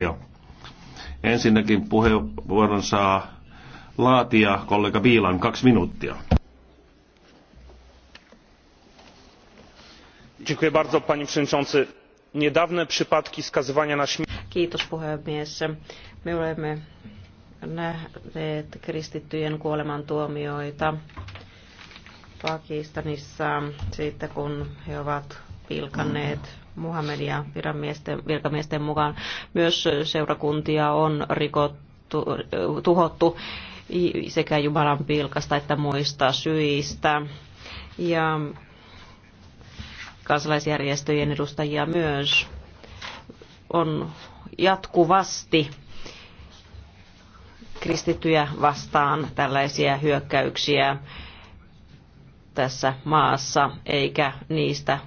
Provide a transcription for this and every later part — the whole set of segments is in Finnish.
Joo. Ensinnäkin puheenvuoron saa laatia kollega Viilan kaksi minuuttia. Dziękuję bardzo, panie przewodniczący. Niedawne przypadki skazywania na śmierć. Kiitos puhemies. Me olemme nähneet kristittyjen kuolemantuomioita Pakistanissa siitä, kun he ovat pilkanneet mm-hmm. Muhammedia virkamiesten, virkamiesten mukaan. Myös seurakuntia on rikottu, tuhottu sekä Jumalan pilkasta että muista syistä. Ja kansalaisjärjestöjen edustajia myös on jatkuvasti kristittyjä vastaan tällaisia hyökkäyksiä tässä maassa, eikä niistä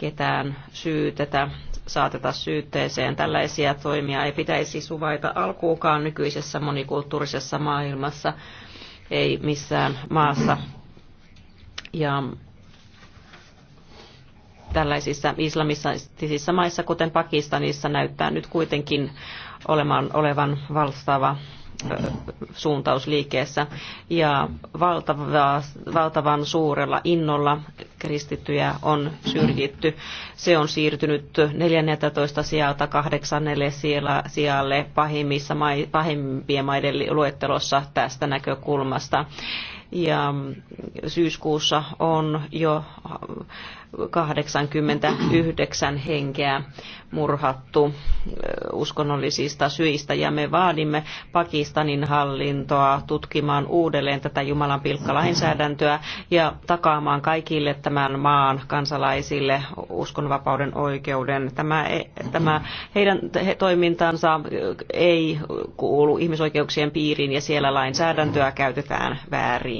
ketään syytetä, saateta syytteeseen. Tällaisia toimia ei pitäisi suvaita alkuukaan nykyisessä monikulttuurisessa maailmassa, ei missään maassa. Ja tällaisissa islamistisissa maissa, kuten Pakistanissa, näyttää nyt kuitenkin olevan valtava suuntausliikkeessä ja valtava, valtavan suurella innolla kristittyjä on syrjitty. Se on siirtynyt 14 sijalta kahdeksannelle sijalle pahimmissa, pahimpien maiden luettelossa tästä näkökulmasta ja syyskuussa on jo 89 henkeä murhattu uskonnollisista syistä ja me vaadimme Pakistanin hallintoa tutkimaan uudelleen tätä Jumalan pilkkalainsäädäntöä ja takaamaan kaikille tämän maan kansalaisille uskonvapauden oikeuden. Tämä, e-, tämä heidän toimintansa ei kuulu ihmisoikeuksien piiriin ja siellä lainsäädäntöä käytetään väärin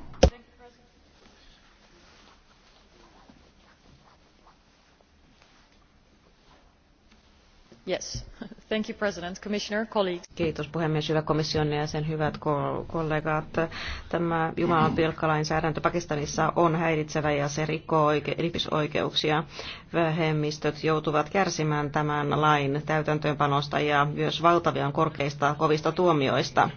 puhemies, hyvä komission jäsen hyvät kollegat. Tämä jumalanpilkkalainsäädäntö Pakistanissa on häiritsevä ja se rikkoo ihmisoikeuksia. Vähemmistöt joutuvat kärsimään tämän lain täytäntöönpanosta ja myös valtavian korkeista kovista tuomioista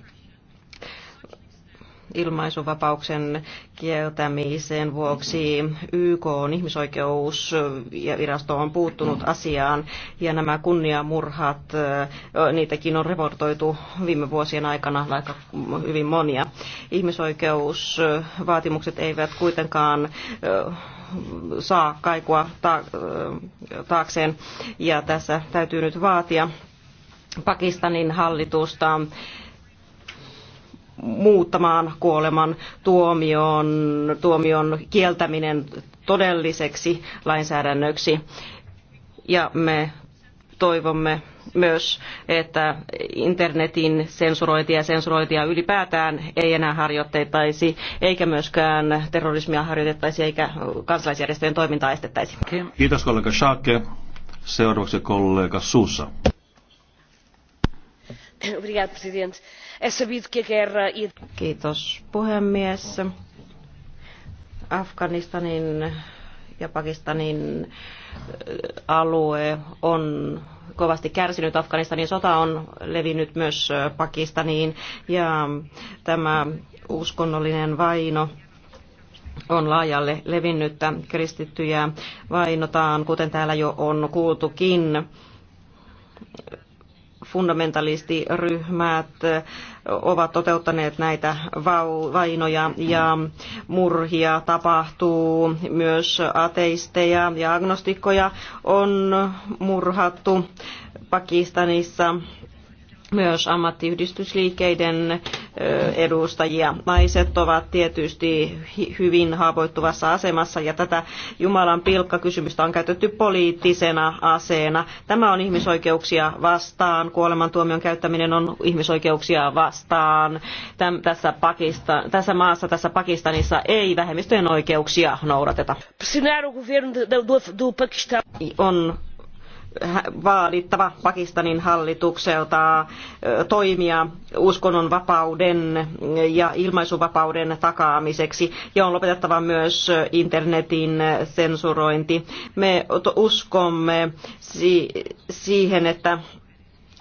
ilmaisuvapauksen kieltämiseen vuoksi YK on ihmisoikeusvirasto on puuttunut asiaan ja nämä kunniamurhat, niitäkin on revortoitu viime vuosien aikana aika hyvin monia. Ihmisoikeusvaatimukset eivät kuitenkaan saa kaikua taakseen ja tässä täytyy nyt vaatia Pakistanin hallitusta muuttamaan kuoleman tuomion, tuomion kieltäminen todelliseksi lainsäädännöksi. Ja me toivomme myös, että internetin sensurointia ja sensurointia ylipäätään ei enää harjoitteitaisi, eikä myöskään terrorismia harjoitettaisi, eikä kansalaisjärjestöjen toimintaa estettäisi. Kiitos kollega Schaake. Seuraavaksi kollega Suussa. Obrigado, presidente. E Kiitos puhemies. Afganistanin ja Pakistanin äh, alue on kovasti kärsinyt. Afganistanin sota on levinnyt myös äh, Pakistaniin ja tämä uskonnollinen vaino on laajalle levinnyttä. Kristittyjä vainotaan, kuten täällä jo on kuultukin fundamentalistiryhmät ovat toteuttaneet näitä vainoja ja murhia tapahtuu. Myös ateisteja ja agnostikkoja on murhattu Pakistanissa myös ammattiyhdistysliikkeiden edustajia. Naiset ovat tietysti hyvin haavoittuvassa asemassa ja tätä Jumalan pilkkakysymystä on käytetty poliittisena aseena. Tämä on ihmisoikeuksia vastaan. Kuolemantuomion käyttäminen on ihmisoikeuksia vastaan. Täm, tässä, Pakista, tässä maassa, tässä Pakistanissa ei vähemmistöjen oikeuksia noudateta. On vaadittava Pakistanin hallitukselta toimia uskonnonvapauden ja ilmaisuvapauden takaamiseksi ja on lopetettava myös internetin sensurointi. Me uskomme siihen, että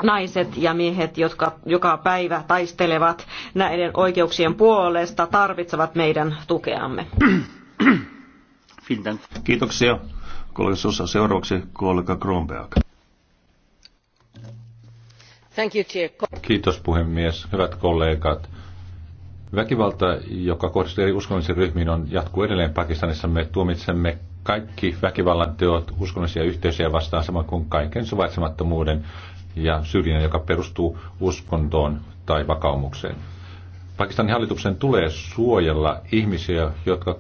naiset ja miehet, jotka joka päivä taistelevat näiden oikeuksien puolesta, tarvitsevat meidän tukeamme. Kiitoksia kollega Sosa. Seuraavaksi kollega Kronberg. Kiitos puhemies. Hyvät kollegat. Väkivalta, joka kohdistuu eri uskonnollisiin ryhmiin, on jatkuu edelleen Pakistanissa. Me tuomitsemme kaikki väkivallan teot uskonnollisia yhteisöjä vastaan, samoin kuin kaiken suvaitsemattomuuden ja syrjinnän, joka perustuu uskontoon tai vakaumukseen. Pakistanin hallituksen tulee suojella ihmisiä, jotka,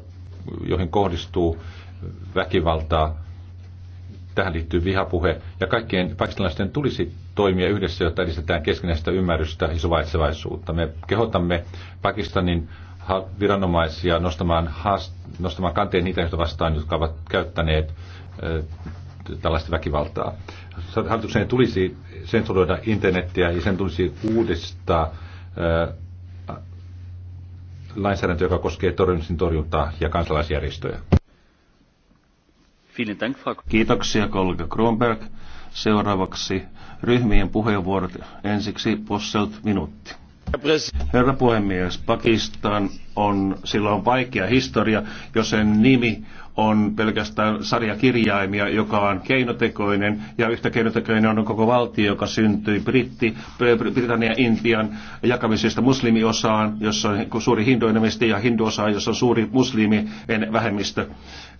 joihin kohdistuu väkivaltaa tähän liittyy vihapuhe, ja kaikkien pakistanilaisten tulisi toimia yhdessä, jotta edistetään keskinäistä ymmärrystä ja suvaitsevaisuutta. Me kehotamme Pakistanin viranomaisia nostamaan, haast, nostamaan kanteen niitä joita vastaan, jotka ovat käyttäneet äh, tällaista väkivaltaa. Hallituksen tulisi sensuroida internettiä ja sen tulisi uudistaa äh, lainsäädäntö, joka koskee terrorismin torjuntaa ja kansalaisjärjestöjä. Kiitoksia kollega Kronberg. Seuraavaksi ryhmien puheenvuorot. Ensiksi Posselt minuutti. Herra puhemies, Pakistan on, silloin vaikea historia, jos sen nimi on pelkästään sarja kirjaimia, joka on keinotekoinen, ja yhtä keinotekoinen on koko valtio, joka syntyi Britti, Britannian Intian jakamisesta muslimiosaan, jossa on suuri hinduenemmistö, ja hinduosaan, jossa on suuri muslimien vähemmistö.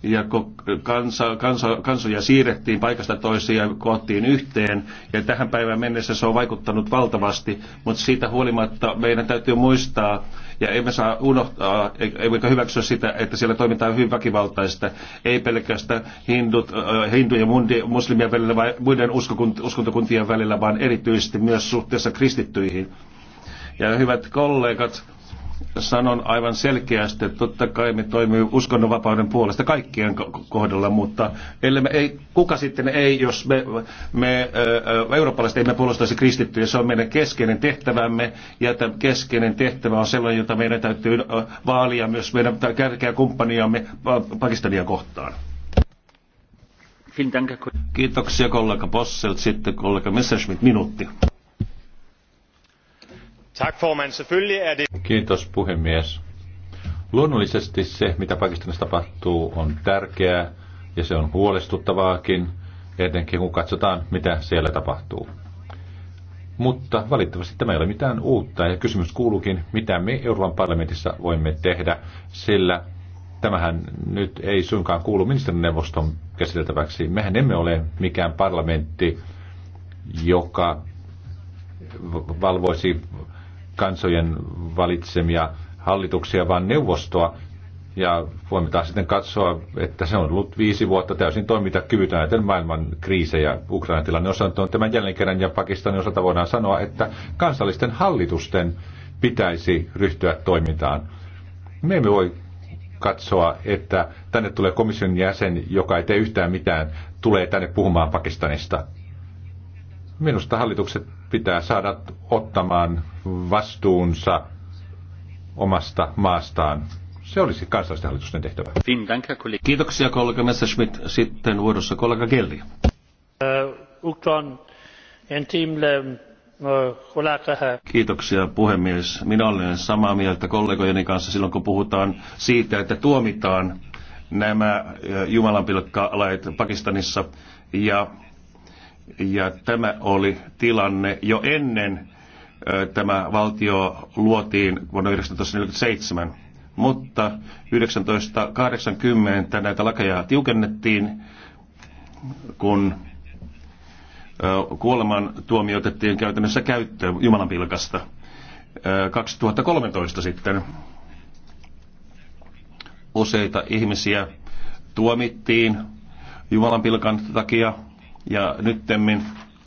Ja kun kansa, kansa, kansoja siirrettiin paikasta toiseen ja koottiin yhteen, ja tähän päivään mennessä se on vaikuttanut valtavasti, mutta siitä huolimatta meidän täytyy muistaa, ja emme saa unohtaa, emmekä hyväksyä sitä, että siellä toimitaan hyvin väkivaltaista, ei pelkästään hindut, äh, hindu- ja mundi, muslimien välillä vai muiden uskontokuntien välillä, vaan erityisesti myös suhteessa kristittyihin. Ja hyvät kollegat, sanon aivan selkeästi, että totta kai me toimii uskonnonvapauden puolesta kaikkien kohdalla, mutta ellei me ei, kuka sitten ei, jos me, me eurooppalaiset emme puolustaisi kristittyjä, se on meidän keskeinen tehtävämme, ja tämä keskeinen tehtävä on sellainen, jota meidän täytyy vaalia myös meidän kärkeä kumppaniamme Pakistania kohtaan. Kiitoksia kollega Posselt, sitten kollega Messerschmidt, minuutti. Er Kiitos puhemies. Luonnollisesti se, mitä Pakistanissa tapahtuu, on tärkeää ja se on huolestuttavaakin, etenkin kun katsotaan, mitä siellä tapahtuu. Mutta valitettavasti tämä ei ole mitään uutta ja kysymys kuuluukin, mitä me Euroopan parlamentissa voimme tehdä, sillä tämähän nyt ei suinkaan kuulu ministerineuvoston käsiteltäväksi. Mehän emme ole mikään parlamentti, joka valvoisi kansojen valitsemia hallituksia, vaan neuvostoa. Ja voimme taas sitten katsoa, että se on ollut viisi vuotta täysin toimintakyvytön näiden maailman kriisejä. Ukrainan tilanne on tämän jälleen kerran ja Pakistanin osalta voidaan sanoa, että kansallisten hallitusten pitäisi ryhtyä toimintaan. Me emme voi katsoa, että tänne tulee komission jäsen, joka ei tee yhtään mitään, tulee tänne puhumaan Pakistanista. Minusta hallitukset pitää saada ottamaan vastuunsa omasta maastaan. Se olisi kansallisten hallitusten tehtävä. Kiitoksia kollega Messerschmidt. Sitten vuorossa kollega Gelli. Uh, uh, Kiitoksia puhemies. Minä olen samaa mieltä kollegojeni kanssa silloin, kun puhutaan siitä, että tuomitaan nämä uh, jumalanpilkkalait Pakistanissa ja ja tämä oli tilanne jo ennen tämä valtio luotiin vuonna 1947, mutta 1980 näitä lakeja tiukennettiin, kun kuoleman tuomio otettiin käytännössä käyttöön Jumalan pilkasta. 2013 sitten useita ihmisiä tuomittiin Jumalan pilkan takia ja nyttemmin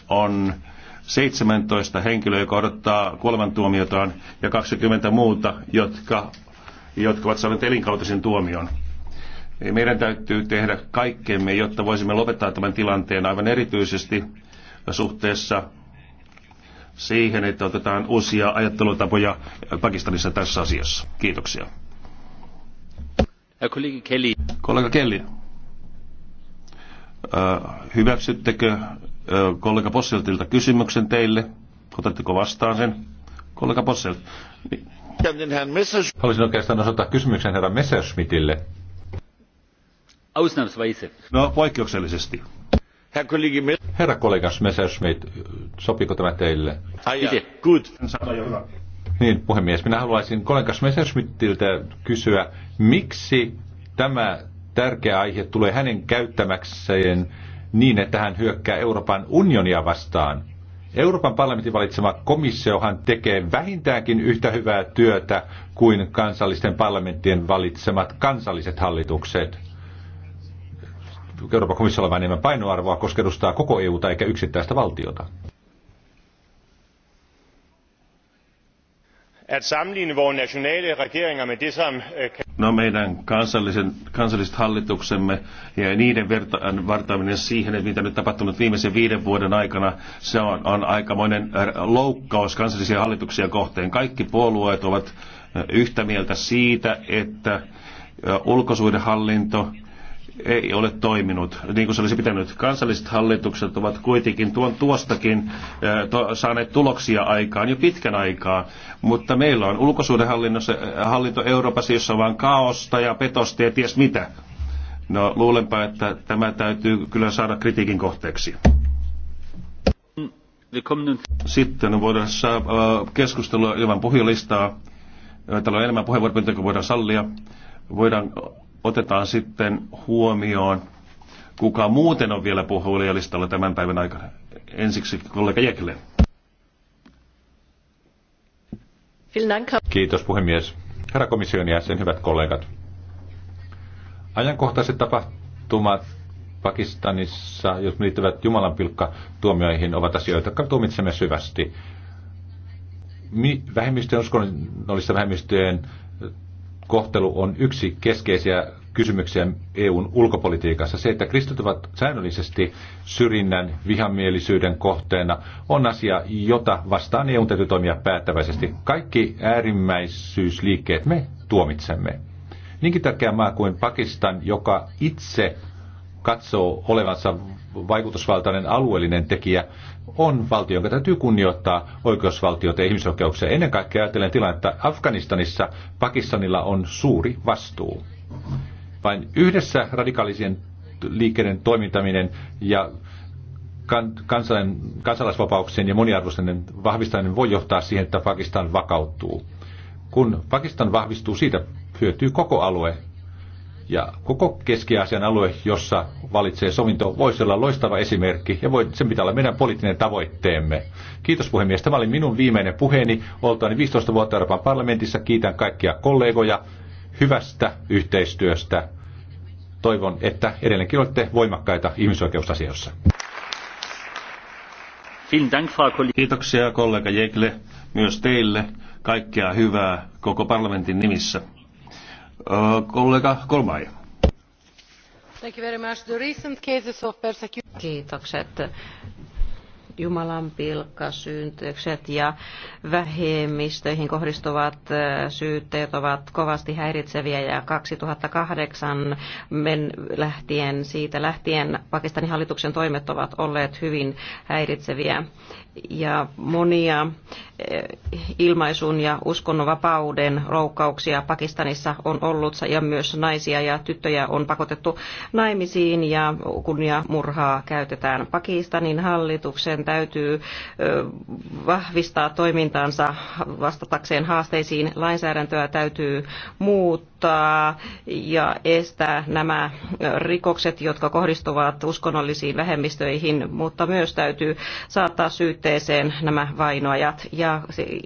on 17 henkilöä, joka odottaa kuolemantuomiotaan, ja 20 muuta, jotka, jotka ovat saaneet elinkautisen tuomion. Meidän täytyy tehdä kaikkemme, jotta voisimme lopettaa tämän tilanteen aivan erityisesti suhteessa siihen, että otetaan uusia ajattelutapoja Pakistanissa tässä asiassa. Kiitoksia. Kollega Kelly. Kollega Kelly. Hyväksyttekö kollega Posseltilta kysymyksen teille? Otatteko vastaan sen? Kollega Posselt. Niin. Haluaisin oikeastaan osoittaa kysymyksen herra Messerschmittille. No, poikkeuksellisesti. Herra kollega Messerschmitt, sopiiko tämä teille? Ah, good. Niin, puhemies, minä haluaisin kollega Messerschmittiltä kysyä, miksi tämä tärkeä aihe tulee hänen käyttämäkseen niin, että hän hyökkää Euroopan unionia vastaan. Euroopan parlamentin valitsema komissiohan tekee vähintäänkin yhtä hyvää työtä kuin kansallisten parlamenttien valitsemat kansalliset hallitukset. Euroopan komissiolla on enemmän painoarvoa, koska edustaa koko EUta eikä yksittäistä valtiota. at sammenligne vores nationale regeringer med det, som... Øh, no meidän kansallisen, kansalliset hallituksemme ja niiden vartaaminen siihen, että mitä nyt tapahtunut viimeisen viiden vuoden aikana, se on, on aikamoinen äh, loukkaus kansallisia hallituksia kohteen. Kaikki puolueet ovat äh, yhtä mieltä siitä, että äh, ulkosuudenhallinto ei ole toiminut niin kuin se olisi pitänyt. Kansalliset hallitukset ovat kuitenkin tuon tuostakin eh, to, saaneet tuloksia aikaan jo pitkän aikaa, mutta meillä on ulkosuudenhallinto eh, Euroopassa, jossa on vain kaosta ja petosta ja ties mitä. No luulenpa, että tämä täytyy kyllä saada kritiikin kohteeksi. Sitten voidaan saada eh, keskustelua ilman puhujalistaa. Täällä on enemmän puheenvuoropyyntöjä kuin voidaan sallia. Voidaan otetaan sitten huomioon, kuka muuten on vielä puhujalistalla tämän päivän aikana. Ensiksi kollega Jekle. Kiitos puhemies. Herra komission jäsen, hyvät kollegat. Ajankohtaiset tapahtumat Pakistanissa, jos liittyvät jumalanpilkka tuomioihin, ovat asioita, jotka tuomitsemme syvästi. Vähemmistöjen uskonnollisten vähemmistöjen kohtelu on yksi keskeisiä kysymyksiä EUn ulkopolitiikassa. Se, että kristityt ovat säännöllisesti syrjinnän, vihamielisyyden kohteena, on asia, jota vastaan EUn täytyy toimia päättäväisesti. Kaikki äärimmäisyysliikkeet me tuomitsemme. Niinkin tärkeä maa kuin Pakistan, joka itse katsoo olevansa vaikutusvaltainen alueellinen tekijä, on valtio, jonka täytyy kunnioittaa oikeusvaltiota ja ihmisoikeuksia. Ennen kaikkea ajatellen tilannetta Afganistanissa Pakistanilla on suuri vastuu. Vain yhdessä radikaalisien liikkeiden toimintaminen ja kansan, kansalaisvapauksien ja moniarvoisten vahvistaminen voi johtaa siihen, että Pakistan vakautuu. Kun Pakistan vahvistuu, siitä hyötyy koko alue, ja koko Keski-Aasian alue, jossa valitsee sovinto, voisi olla loistava esimerkki ja voi, sen pitää olla meidän poliittinen tavoitteemme. Kiitos puhemies. Tämä oli minun viimeinen puheeni. Oltaani 15 vuotta Euroopan parlamentissa. Kiitän kaikkia kollegoja hyvästä yhteistyöstä. Toivon, että edelleenkin olette voimakkaita ihmisoikeusasioissa. Kiitoksia kollega Jekle, myös teille kaikkea hyvää koko parlamentin nimissä. Äh, kollega Kolmai. Kiitokset. Jumalan pilkkasyntykset ja vähemmistöihin kohdistuvat syytteet ovat kovasti häiritseviä ja 2008 men lähtien, siitä lähtien Pakistanin hallituksen toimet ovat olleet hyvin häiritseviä ja monia ilmaisun ja uskonnonvapauden loukkauksia Pakistanissa on ollut ja myös naisia ja tyttöjä on pakotettu naimisiin ja murhaa käytetään. Pakistanin hallituksen täytyy vahvistaa toimintaansa vastatakseen haasteisiin. Lainsäädäntöä täytyy muuttaa auttaa ja estää nämä rikokset, jotka kohdistuvat uskonnollisiin vähemmistöihin, mutta myös täytyy saattaa syytteeseen nämä vainoajat. Ja,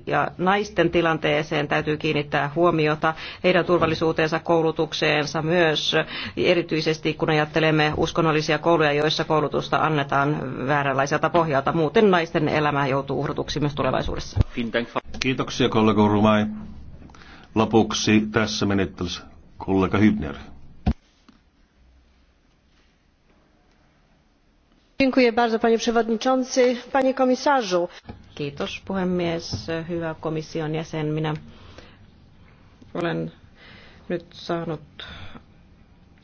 ja naisten tilanteeseen täytyy kiinnittää huomiota heidän turvallisuuteensa, koulutukseensa myös, erityisesti kun ajattelemme uskonnollisia kouluja, joissa koulutusta annetaan vääränlaiselta pohjalta. Muuten naisten elämä joutuu uhrutuksi myös tulevaisuudessa. Kiitoksia kollega Urumai. Lopuksi tässä menettelyssä kollega Hybner. kiitos puhemies hyvä komission jäsen minä olen nyt saanut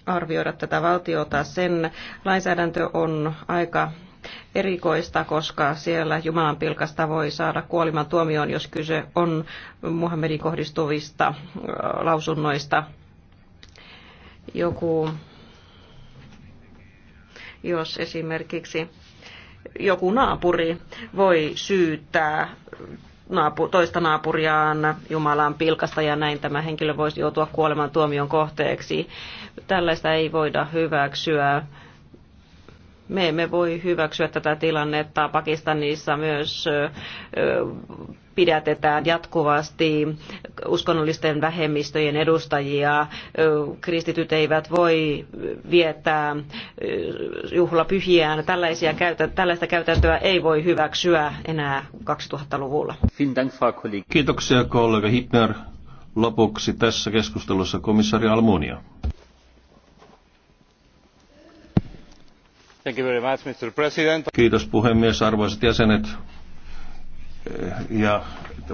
arvioida tätä valtiota. sen lainsäädäntö on aika erikoista, koska siellä Jumalan pilkasta voi saada kuoliman tuomioon, jos kyse on Muhammedin kohdistuvista lausunnoista. Joku, jos esimerkiksi joku naapuri voi syyttää naapu, toista naapuriaan Jumalan pilkasta ja näin tämä henkilö voisi joutua kuoleman tuomion kohteeksi. Tällaista ei voida hyväksyä me emme voi hyväksyä tätä tilannetta. Pakistanissa myös pidätetään jatkuvasti uskonnollisten vähemmistöjen edustajia. Kristityt eivät voi viettää juhlapyhiään. Tällaisia, tällaista käytäntöä ei voi hyväksyä enää 2000-luvulla. Kiitoksia kollega Hitner. Lopuksi tässä keskustelussa komissaari Almunia. Kiitos puhemies, arvoisat jäsenet. Ja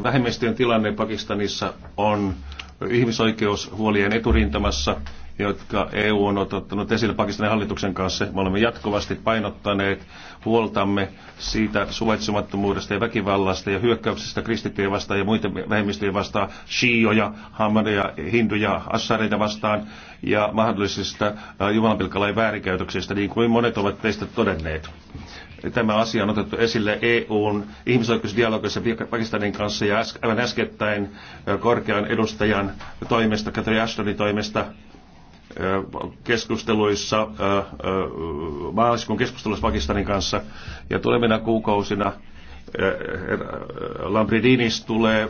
vähemmistöjen tilanne Pakistanissa on ihmisoikeushuolien eturintamassa jotka EU on ottanut esille Pakistanin hallituksen kanssa. Me olemme jatkuvasti painottaneet huoltamme siitä suvaitsemattomuudesta ja väkivallasta ja hyökkäyksestä kristittyjä vastaan ja muita vähemmistöjä vastaan, shioja, hamadeja, hinduja, assareita vastaan ja mahdollisista äh, jumalanpilkkalain väärinkäytöksistä, niin kuin monet ovat teistä todenneet tämä asia on otettu esille EUn ihmisoikeusdialogissa Pakistanin kanssa ja äskettäin äh, korkean edustajan toimesta, Katri Ashtonin toimesta, keskusteluissa, maaliskuun keskusteluissa Pakistanin kanssa ja tulevina kuukausina Lambridinis tulee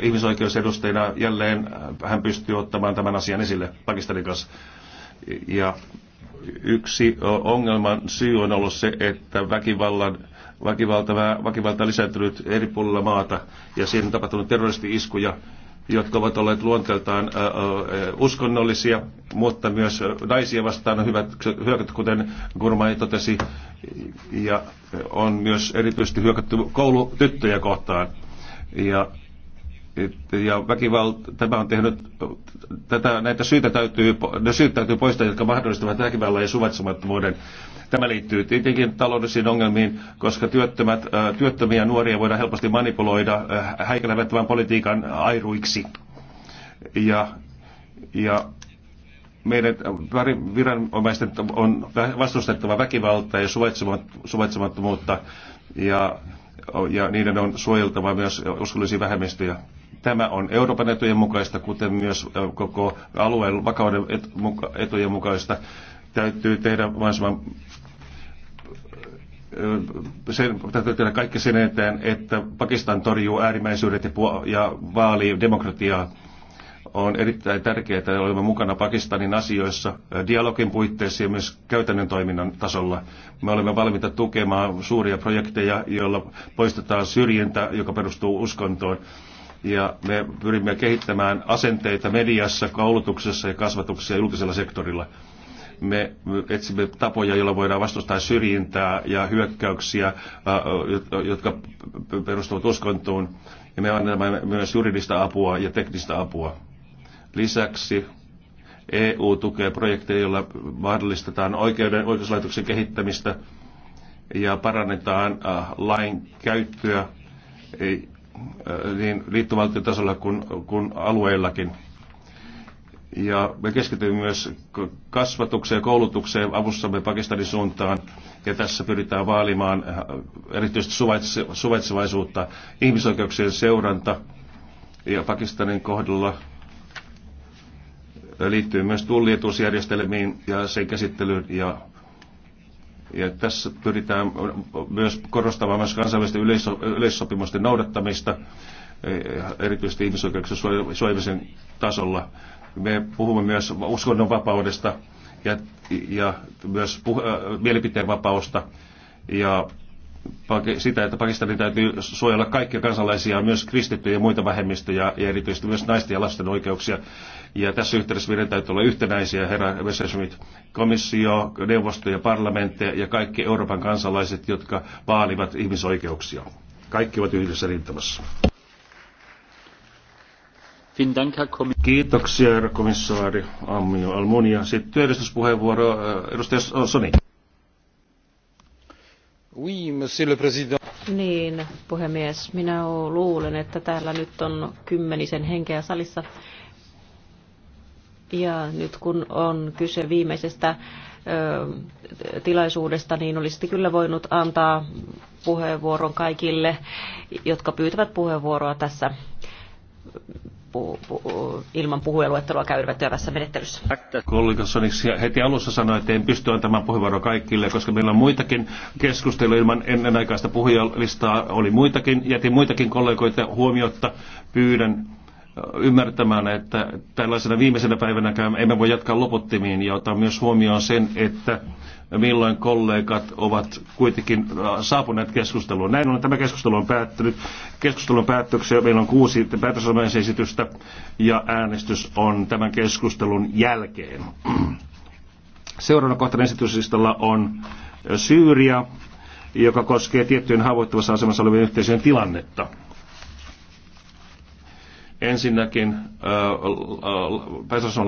ihmisoikeusedustajana jälleen, hän pystyy ottamaan tämän asian esille Pakistanin kanssa. Ja yksi ongelman syy on ollut se, että väkivallan, väkivalta, väkivalta lisääntynyt eri puolilla maata ja siihen on tapahtunut terroristi-iskuja jotka ovat olleet luonteeltaan uskonnollisia, mutta myös naisia vastaan on hyvät hyökät, kuten Gurmai totesi, ja on myös erityisesti hyökätty koulutyttöjä kohtaan. Ja ja väkivalta, tämä on tehnyt, tätä, näitä syitä täytyy, ne syyt täytyy poistaa, jotka mahdollistavat väkivallan ja suvaitsemattomuuden. Tämä liittyy tietenkin taloudellisiin ongelmiin, koska työttömät, työttömiä nuoria voidaan helposti manipuloida häikäilemättömän politiikan airuiksi. Ja, ja meidän viranomaisten on vastustettava väkivaltaa ja suvaitsemattomuutta ja, ja niiden on suojeltava myös uskollisia vähemmistöjä. Tämä on Euroopan etujen mukaista, kuten myös koko alueen vakauden etujen mukaista. Täytyy tehdä mahdollisimman sen, täytyy tehdä kaikki sen eteen, että Pakistan torjuu äärimmäisyydet ja, ja vaalii demokratiaa. On erittäin tärkeää, että olemme mukana Pakistanin asioissa dialogin puitteissa ja myös käytännön toiminnan tasolla. Me olemme valmiita tukemaan suuria projekteja, joilla poistetaan syrjintä, joka perustuu uskontoon ja me pyrimme kehittämään asenteita mediassa, koulutuksessa ja kasvatuksessa ja julkisella sektorilla. Me etsimme tapoja, joilla voidaan vastustaa syrjintää ja hyökkäyksiä, äh, jotka perustuvat uskontoon. Ja me annamme myös juridista apua ja teknistä apua. Lisäksi EU tukee projekteja, joilla mahdollistetaan oikeuden, oikeuslaitoksen kehittämistä ja parannetaan äh, lain käyttöä Äh, niin liittovaltiotasolla kuin, kuin alueillakin. Ja me keskitymme myös kasvatukseen ja koulutukseen avussamme Pakistanin suuntaan. Ja tässä pyritään vaalimaan äh, erityisesti suvaitsevaisuutta, ihmisoikeuksien seuranta. Ja Pakistanin kohdalla äh, liittyy myös tullietuusjärjestelmiin ja sen käsittelyyn ja ja tässä pyritään myös korostamaan myös kansainvälisten yleissopimusten noudattamista, eh, erityisesti ihmisoikeuksien suojelmisen tasolla. Me puhumme myös uskonnonvapaudesta ja, ja myös puh- eh, mielipiteenvapausta ja sitä, että Pakistanin täytyy suojella kaikkia kansalaisia, myös kristittyjä ja muita vähemmistöjä, ja erityisesti myös naisten ja lasten oikeuksia. Ja tässä yhteydessä meidän täytyy olla yhtenäisiä, herra Messerschmitt, komissio, neuvosto ja parlamentti ja kaikki Euroopan kansalaiset, jotka vaalivat ihmisoikeuksia. Kaikki ovat yhdessä rintamassa. Kiitoksia, herra komissaari Ammio Almunia. Sitten työllistyspuheenvuoro, äh, edustaja Soni. Niin, puhemies, minä luulen, että täällä nyt on kymmenisen henkeä salissa. Ja nyt kun on kyse viimeisestä ö, tilaisuudesta, niin olisitte kyllä voinut antaa puheenvuoron kaikille, jotka pyytävät puheenvuoroa tässä pu, pu, ilman puhujaluettelua käyvät työvässä menettelyssä. Kollega Sonics heti alussa sanoi, että en pysty antamaan puheenvuoroa kaikille, koska meillä on muitakin keskusteluja ilman ennenaikaista puhujalistaa. Oli muitakin, jätin muitakin kollegoita huomiota. Pyydän ymmärtämään, että tällaisena viimeisenä päivänäkään emme voi jatkaa lopottimiin ja ottaa myös huomioon sen, että milloin kollegat ovat kuitenkin äh, saapuneet keskusteluun. Näin on, tämä keskustelu on päättynyt. Keskustelun päätöksiä meillä on kuusi päätösomaisesitystä ja äänestys on tämän keskustelun jälkeen. Seuraavana kohtana esityslistalla on äh, Syyria, joka koskee tiettyjen haavoittuvassa asemassa olevien yhteisöjen tilannetta ensinnäkin Petersonan